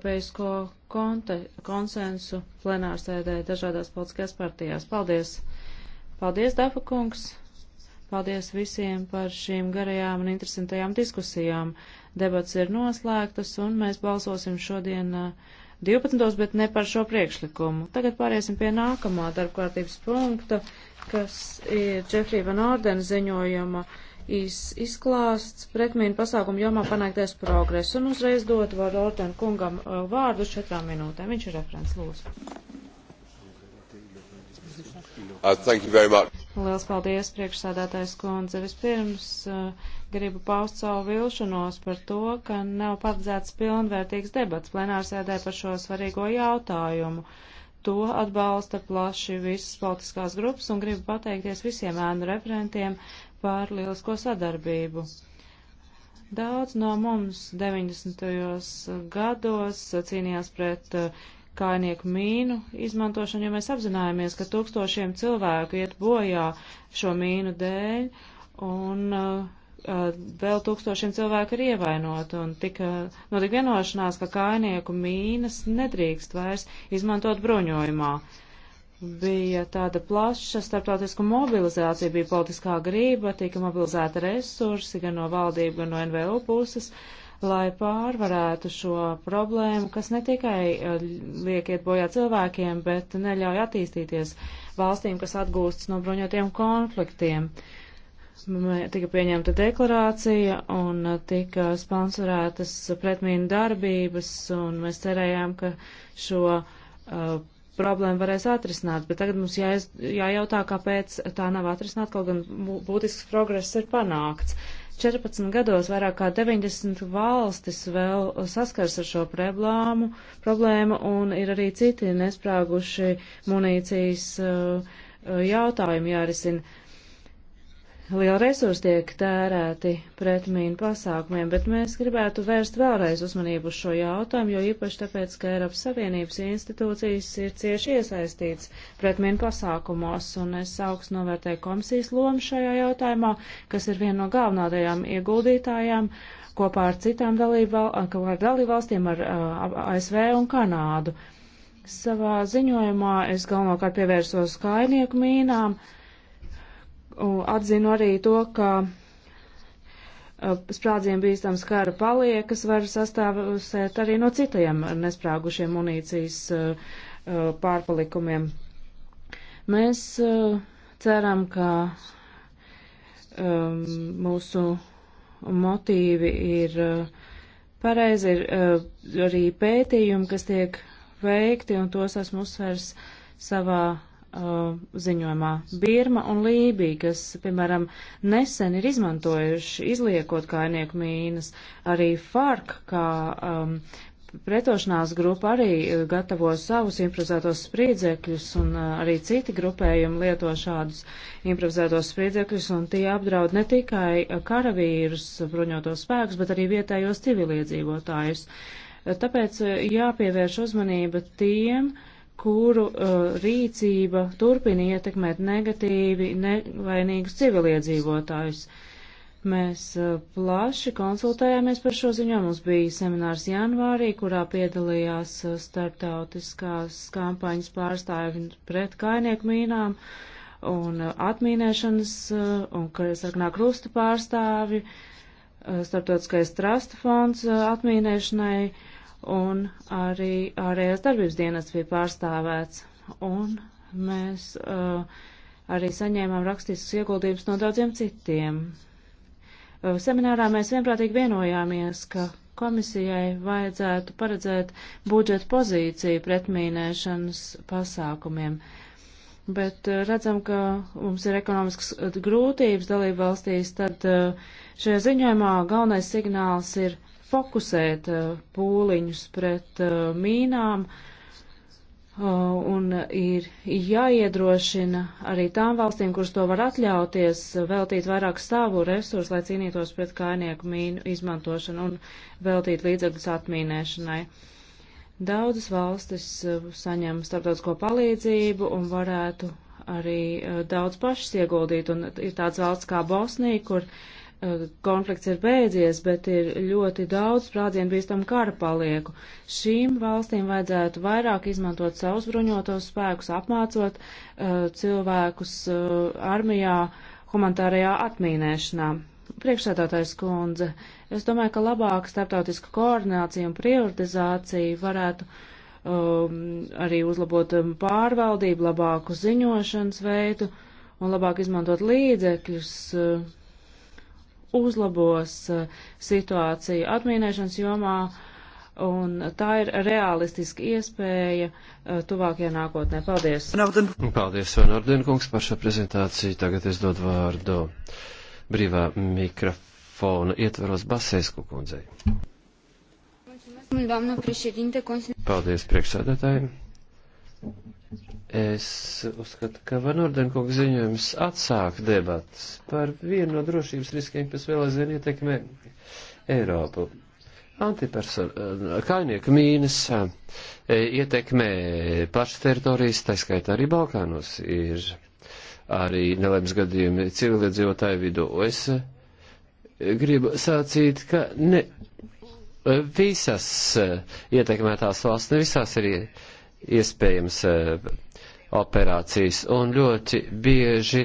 Eiropeisko konte, konsensu plenārsēdē dažādās politiskajās partijās. Paldies! Paldies, Dafa kungs! Paldies visiem par šīm garajām un interesantajām diskusijām. Debats ir noslēgtas un mēs balsosim šodien 12. bet ne par šo priekšlikumu. Tagad pāriesim pie nākamā darbkārtības punkta, kas ir Džefrīva Nordena ziņojuma īs izklāsts pretmīnu pasākumu jomā panāktais progress un uzreiz dot var Orten kungam uh, vārdu četrām minūtēm. Viņš ir referents, lūdzu. Uh, thank you very much. Liels paldies, priekšsādātais kundze. Vispirms uh, gribu paust savu vilšanos par to, ka nav paredzēts pilnvērtīgs debats plenārsēdē par šo svarīgo jautājumu. To atbalsta plaši visas politiskās grupas un gribu pateikties visiem ēnu referentiem, par lielisko sadarbību. Daudz no mums 90. gados cīnījās pret uh, kainieku mīnu izmantošanu, jo mēs apzinājāmies, ka tūkstošiem cilvēku iet bojā šo mīnu dēļ, un uh, uh vēl tūkstošiem cilvēku ir ievainoti, un tika notika vienošanās, ka kainieku mīnas nedrīkst vairs izmantot bruņojumā. Uh, bija tāda plaša starptautiska mobilizācija, bija politiskā grība, tika mobilizēta resursi gan no valdību, gan no NVO puses, lai pārvarētu šo problēmu, kas ne tikai eh, liek iet bojā cilvēkiem, bet neļauj attīstīties valstīm, kas atgūstas no bruņotiem konfliktiem. Tika pieņemta deklarācija un eh, tika sponsorētas pretmīnu darbības, un mēs cerējām, ka šo uh, problēmu varēs atrisināt, bet tagad mums jāiz, jājautā, kāpēc tā nav atrisināt, kaut gan būtisks progress ir panākts. 14 gados vairāk kā 90 valstis vēl saskars ar šo problēmu, problēmu un ir arī citi nesprāguši munīcijas uh, uh, jautājumi jārisina. Liela resursa tiek tērēti pretmīnu pasākumiem, bet mēs gribētu vērst vēlreiz uzmanību uz šo jautājumu, jo īpaši tāpēc, ka Eiropas Savienības institūcijas ir cieši iesaistīts pretmīnu pasākumos, un es augstu novērtēju komisijas lomu šajā jautājumā, kas ir viena no galvenādajām ieguldītājām kopā ar citām dalībvalstīm, ar, ar ASV un Kanādu. Savā ziņojumā es galvenokārt pievērsos kainieku mīnām atzinu arī to, ka e, sprādzienu bīstams kara paliekas var sastāvēt arī no citajiem nesprāgušiem munīcijas e, e, pārpalikumiem. Mēs ceram, ka mūsu motīvi ir pareizi, ir arī pētījumi, kas tiek veikti, un tos esmu uzsvers savā uh, ziņojumā. Birma un Lībija, kas, piemēram, nesen ir izmantojuši izliekot kainieku mīnas, arī FARC, kā um, pretošanās grupa arī uh, gatavo savus improvizētos spriedzekļus, un uh, arī citi grupējumi lieto šādus improvizētos spriedzekļus, un tie apdraud ne tikai uh, karavīrus, bruņotos spēkus, bet arī vietējos civiliedzīvotājus. Tāpēc jāpievērš uzmanība tiem, uh, kuru uh, rīcība turpina ietekmēt negatīvi nevainīgus civiliedzīvotājus. Mēs uh, plaši konsultējāmies par šo ziņu. Mums bija seminārs janvārī, kurā piedalījās uh, starptautiskās kampaņas pārstāvi pret kainieku mīnām un uh, atmīnēšanas uh, un sarkanā krusta pārstāvi, uh, starptautiskais trasta fonds uh, atmīnēšanai. Uh, un arī ārējās darbības dienas bija pārstāvēts. Un mēs uh, arī saņēmām rakstiskus ieguldījumus no daudziem citiem. Uh, seminārā mēs vienprātīgi vienojāmies, ka komisijai vajadzētu paredzēt budžeta pozīciju pretmīnēšanas pasākumiem. Bet uh, redzam, ka mums ir ekonomiskas uh, grūtības dalību valstīs, tad uh, šajā ziņojumā galvenais signāls ir fokusēt eh, pūliņus pret eh, mīnām eh, un ir jāiedrošina arī tām valstīm, kuras to var atļauties, veltīt vairāk savu resursu, lai cīnītos pret kainieku mīnu izmantošanu un veltīt līdzekļus atmīnēšanai. Daudzas valstis saņem starptautisko palīdzību un varētu arī daudz pašas ieguldīt, un ir tāds valsts kā Bosnija, kur uh, Eh, konflikts ir beidzies, bet ir ļoti daudz sprādzienu bīstam kara palieku. Šīm valstīm vajadzētu vairāk izmantot savus bruņotos spēkus, apmācot uh, cilvēkus uh, armijā, humanitārajā atmīnēšanā. Priekšsēdātais kundze, es domāju, ka labāka starptautiska koordinācija un prioritizācija varētu um, arī uzlabot um, pārvaldību, labāku ziņošanas veidu un labāk izmantot līdzekļus. Uh, uzlabos eh, situāciju atmīnēšanas jomā, un tā ir realistiska iespēja eh, tuvākajā nākotnē. Paldies! Norden. Paldies, Van Ordenkungs, par šo prezentāciju. Tagad es dodu vārdu brīvā mikrofona ietvaros Basēsku kundzei. Paldies, priekšsēdētāji! Es uzskatu, ka Van Ordenkungs ziņojums atsāk debatas par vienu no drošības riskiem, kas vēl aizvien ietekmē Eiropu. Antipersona, eh, kainieku mīnas eh, ietekmē pašas teritorijas, tā skaitā arī Balkānos ir arī nelaimes gadījumi civiliedzīvotāju vidū. Es eh, gribu sācīt, ka ne visas ietekmētās valsts, ne visās ir ietekmētās iespējams e, operācijas, un ļoti bieži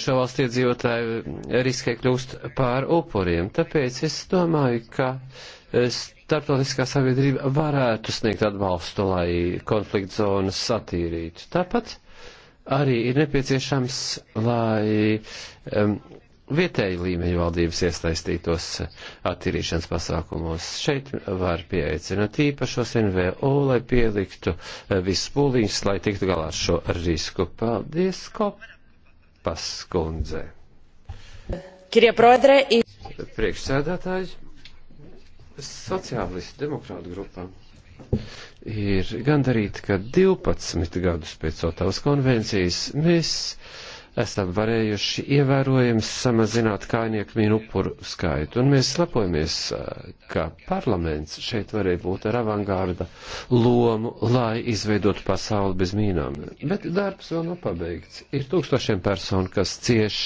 šo valstu iedzīvotāju riskē kļūst pār upuriem. Tāpēc es domāju, ka e, starptautiskā sabiedrība varētu sniegt atbalstu, lai konflikta zonas satīrītu. Tāpat arī ir nepieciešams, lai um, vietēju līmeņu valdības iesaistītos attīrīšanas pasākumos. Šeit var pieaicināt īpašos NVO, lai pieliktu eh, visus pūliņus, lai tiktu galā ar šo risku. Paldies, Kopas kundze. Priekšsēdētāji, sociālistu demokrātu grupām ir gandarīti, ka 12 gadus pēc Otavas konvencijas mēs esam varējuši ievērojami samazināt kainieku mīnu upuru skaitu. Un mēs lepojamies, ka parlaments šeit varēja būt ar avangārda lomu, lai izveidotu pasauli bez mīnām. Bet darbs vēl nav pabeigts. Ir tūkstošiem personu, kas cieš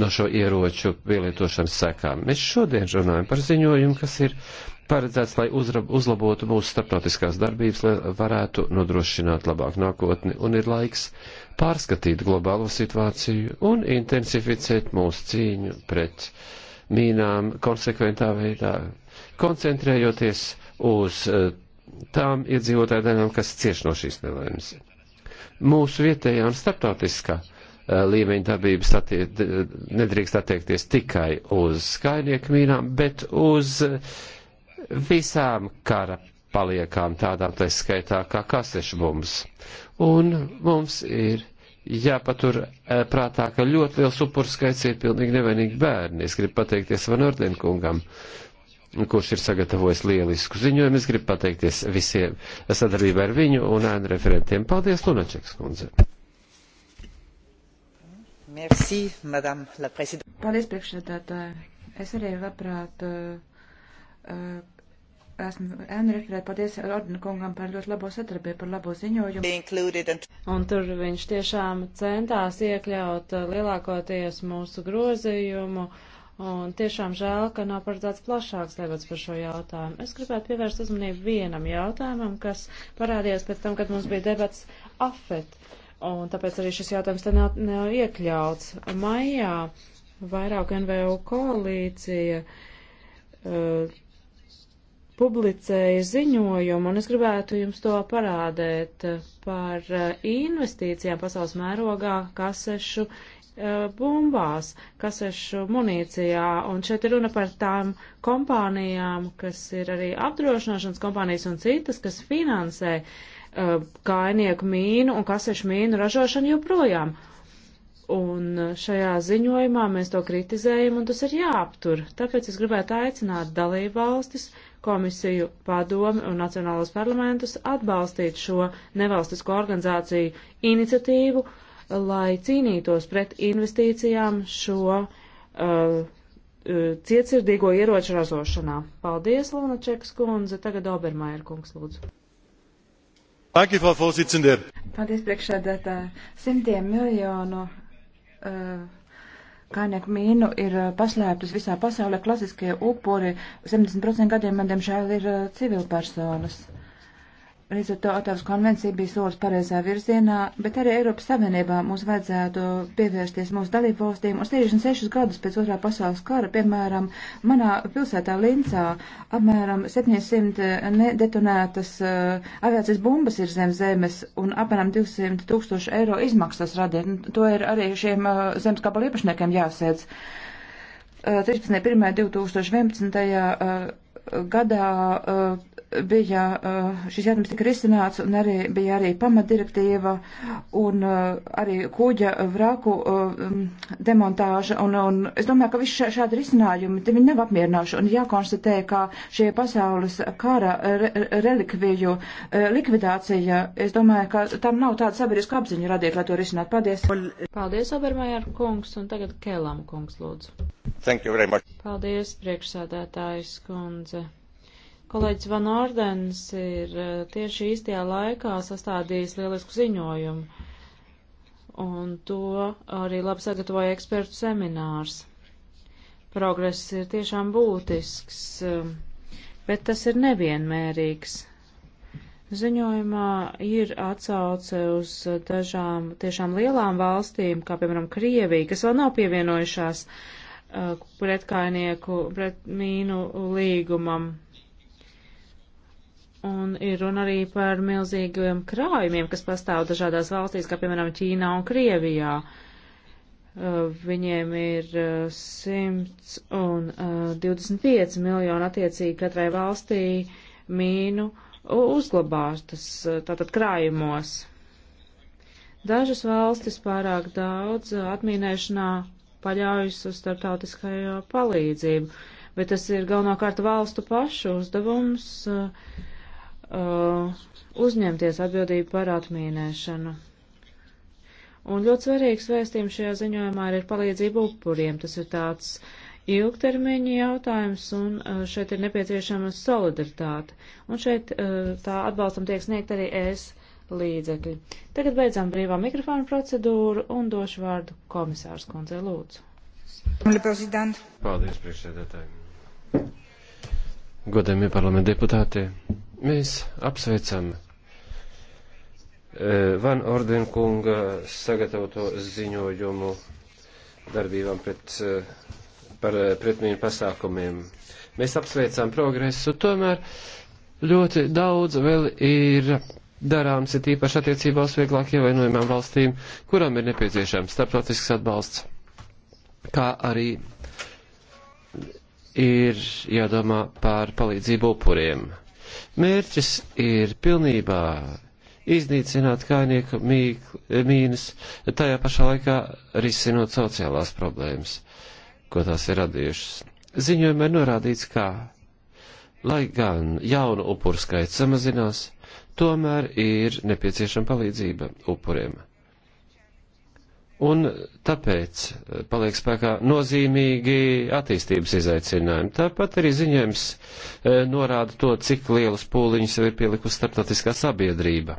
no šo ieroču pielietošanas sekām. Mēs šodien runājam par ziņojumu, kas ir paredzēts, lai uzrab, uzlabotu mūsu starptautiskās darbības, lai varētu nodrošināt labāku nākotni, un ir laiks pārskatīt globālo situāciju un intensificēt mūsu cīņu pret mīnām konsekventā veidā, koncentrējoties uz eh, tām iedzīvotāju daļām, kas cieš no šīs nelaimes. Mūsu vietējā un starptautiskā eh, līmeņa darbības attie, nedrīkst attiekties tikai uz skaidrieku mīnām, bet uz uh, visām kara paliekām, tādām tā skaitā kā kasešbumbas. Un mums ir jāpatur e, prātā, ka ļoti liels upurskaits ir pilnīgi nevainīgi bērni. Es gribu pateikties Van Orden kungam, kurš ir sagatavojis lielisku ziņojumu. Es gribu pateikties visiem sadarbībā ar viņu un ēnu referentiem. Paldies, Lunačeks kundze! Merci, madame la présidente. Paldies, priekšsēdētāji. Es arī labprāt uh, uh, esmu ēnu referēt, paldies Ordina kungam par ļoti labo sadarbību, par labo ziņojumu. Un tur viņš tiešām centās iekļaut lielākoties mūsu grozījumu. Un tiešām žēl, ka nav paredzēts plašāks debats par šo jautājumu. Es gribētu pievērst uzmanību vienam jautājumam, kas parādījās pēc tam, kad mums bija debats AFET. Un tāpēc arī šis jautājums te nav, nav iekļauts. Maijā vairāk NVO koalīcija uh, publicēja ziņojumu, un es gribētu jums to parādēt par eh, investīcijām pasaules mērogā kasešu eh, bumbās, kasešu munīcijā, un šeit ir runa par tām kompānijām, kas ir arī apdrošināšanas kompānijas un citas, kas finansē uh, kainieku mīnu un kasešu mīnu ražošanu joprojām. Un šajā ziņojumā mēs to kritizējam, un tas ir jāaptur. Tāpēc es gribētu aicināt dalību valstis komisiju, padomi un nacionālos parlamentus atbalstīt šo nevalstisko organizāciju iniciatīvu, lai cīnītos pret investīcijām šo uh, uh cietsirdīgo ieroču ražošanā. Paldies, Lunačekas kundze. Tagad Obermajer kungs lūdzu. Danke, Frau Vorsitzende. Paldies, priekšsēdētāji. Simtiem miljonu. Uh, kainieku mīnu ir eh, paslēptas visā pasaulē. Klasiskie upuri 70% gadiem, diemžēl, ir eh, civilpersonas. personas. Rezultātā konvencija bija solis pareizā virzienā, bet arī Eiropas Savienībā mums vajadzētu pievērsties mūsu dalībvalstīm. Un 66 gadus pēc otrā pasaules kara, piemēram, manā pilsētā Lincā apmēram 700 nedetonētas uh, aviācijas bumbas ir zem zemes un apmēram 200 tūkstoši eiro izmaksas radīt. Nu, to ir arī šiem uh, zemes kabalu īpašniekiem jāsēdz. Uh, 13.1.2011. Uh, gadā. Uh, bija uh, šis jautājums tika risināts, un arī bija arī pamatdirektīva, un uh, arī kuģa vraku uh, demontāža, un, un es domāju, ka visi šādi risinājumi, te viņi nav apmierināši, un jākonstatē, ka šie pasaules kara re relikviju likvidācija, es domāju, ka tam nav tāda sabiedriska apziņa radīt, lai to risinātu. Paldies! Paldies, Obermajer kungs, un tagad Kēlam kungs, lūdzu. Thank you very much. Paldies, priekšsādātājs kundze. Kolēģis Van Ordens ir eh, tieši īstajā laikā sastādījis lielisku ziņojumu, un to arī labi sagatavoja ekspertu seminārs. Progress ir tiešām būtisks, eh, bet tas ir nevienmērīgs. Ziņojumā ir atsauce uz dažām tiešām lielām valstīm, kā piemēram Krievija, kas vēl nav pievienojušās eh, pretkainieku pret mīnu līgumam Un ir runa arī par milzīgiem krājumiem, kas pastāv dažādās valstīs, kā piemēram Ķīnā un Krievijā. Uh, viņiem ir 100 uh, un 25 uh, miljoni attiecīgi katrai valstī mīnu uzglabātas, tātad krājumos. Dažas valstis pārāk daudz atmīnēšanā paļaujas uz starptautiskajā palīdzību, bet tas ir galvenokārt valstu pašu uzdevums. Uh, uh, uzņemties atbildību par atmīnēšanu. Un ļoti svarīgs vēstījums šajā ziņojumā ir palīdzība upuriem. Tas ir tāds ilgtermiņa jautājums, un uh, šeit ir nepieciešama solidaritāte. Un šeit uh, tā atbalstam tiek sniegt arī es līdzekļi. Tagad beidzam brīvā mikrofona procedūru un došu vārdu komisārs kundze lūdzu. Paldies, priekšsēdētāji. Godējumie parlamenta deputāti, mēs apsveicam eh, Van Ordenkunga sagatavoto ziņojumu darbībām pret, eh, par eh, pretmīnu pasākumiem. Mēs apsveicam progresu, tomēr ļoti daudz vēl ir darāms, ir tīpaši attiecībā uz vieglāk ievainojumām valstīm, kurām ir nepieciešams starptautisks atbalsts, kā arī ir jādomā par palīdzību upuriem. Mērķis ir pilnībā iznīcināt kainieku mīnas, tajā pašā laikā risinot sociālās problēmas, ko tās ir radījušas. Ziņojumā ir norādīts, ka, lai gan jaunu upuru skaits samazinās, tomēr ir nepieciešama palīdzība upuriem. Un tāpēc eh, paliek spēkā nozīmīgi attīstības izaicinājumi. Tāpat arī ziņojums eh, norāda to, cik lielus pūliņus jau ir pielikusi starptautiskā sabiedrība.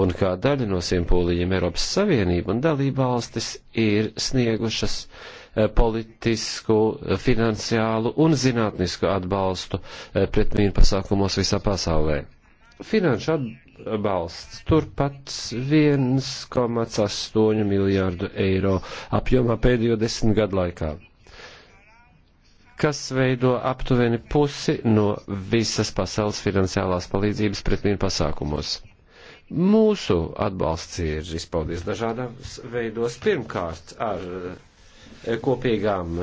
Un kā daļa no šiem pūliņiem Eiropas Savienība un dalība valstis ir sniegušas eh, politisku, finansiālu un zinātnisku atbalstu pretmīnu pasākumos visā pasaulē. Finanšu atbalstu atbalsts. Turpat 1,8 miljārdu eiro apjomā pēdējo desmit gadu laikā, kas veido aptuveni pusi no visas pasaules finansiālās palīdzības pretmīnu pasākumos. Mūsu atbalsts ir izpaudies dažādās veidos. Pirmkārt, ar kopīgām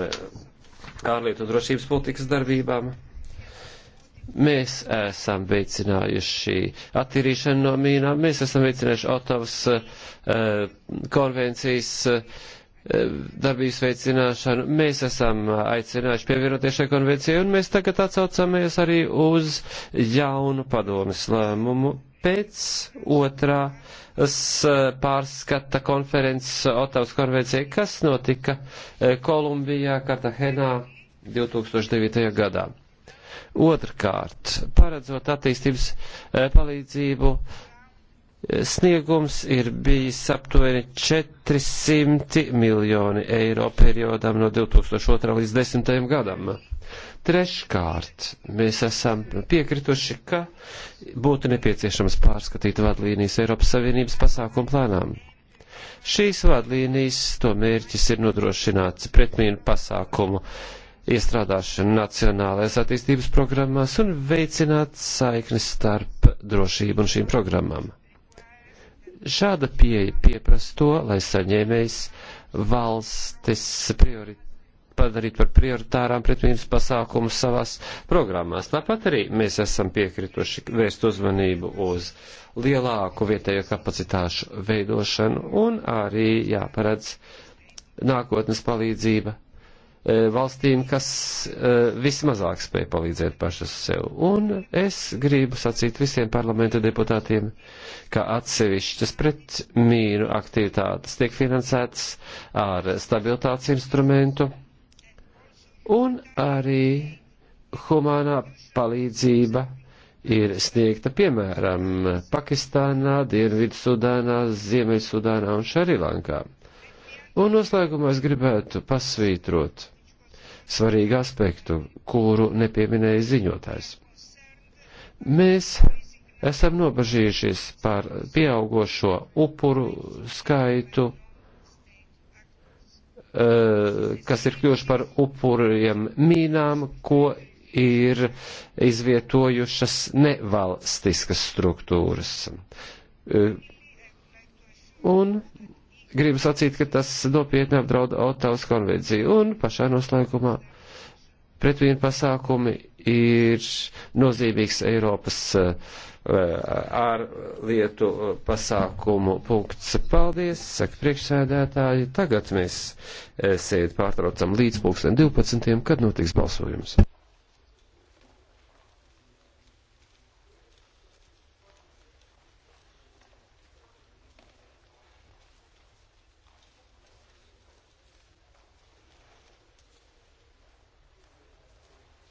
ārlietu un drošības politikas darbībām Mēs esam veicinājuši attīrīšanu no mīnām, mēs esam veicinājuši Otavas uh, eh, konvencijas uh, darbības veicināšanu, mēs esam aicinājuši pievienoties šai konvencijai, un mēs tagad atsaucamies arī uz jaunu padomis lēmumu pēc otrā pārskata konferences Otavas konvencijai, kas notika eh, Kolumbijā, Kartahenā 2009. gadā. Otrkārt, paredzot attīstības eh, palīdzību, eh, sniegums ir bijis aptuveni 400 miljoni eiro periodam no 2002. līdz 2010. gadam. Treškārt, mēs esam piekrituši, ka būtu nepieciešams pārskatīt vadlīnijas Eiropas Savienības pasākumu plānām. Šīs vadlīnijas to mērķis ir nodrošināt pretmīnu pasākumu uh, iestrādāšanu nacionālajās attīstības programmās un veicināt saiknes starp drošību un šīm programmām. Šāda pieeja pieprasa to, lai saņēmējs valstis priori, padarītu par prioritārām pretmības pasākumus savās programmās. Tāpat arī mēs esam piekrituši vērst uzmanību uz lielāku vietējo kapacitāšu veidošanu un arī jāparedz nākotnes palīdzība E, valstīm, kas e, vismazāk spēj palīdzēt pašas sev. Un es gribu sacīt visiem parlamenta deputātiem, ka atsevišķas pretmīru aktivitātes tiek finansētas ar stabilitātes instrumentu un arī humānā palīdzība ir sniegta piemēram Pakistānā, Dienvidsudānā, Ziemeļsudānā un Šarilankā. Un noslēgumā es gribētu pasvītrot svarīgu aspektu, kuru nepieminēja ziņotājs. Mēs esam nobažījušies par pieaugošo upuru skaitu, eh, kas ir kļuvuši par upuriem mīnām, ko ir izvietojušas nevalstiskas struktūras. Eh, un gribu sacīt, ka tas nopietni apdraud Otavas konvenciju. Un pašā noslēgumā pretvienu pasākumi ir nozīmīgs Eiropas uh, ārlietu pasākumu punkts. Paldies, saka priekšsēdētāji. Tagad mēs eh, sēdi pārtraucam līdz pulksten 12, kad notiks balsojums.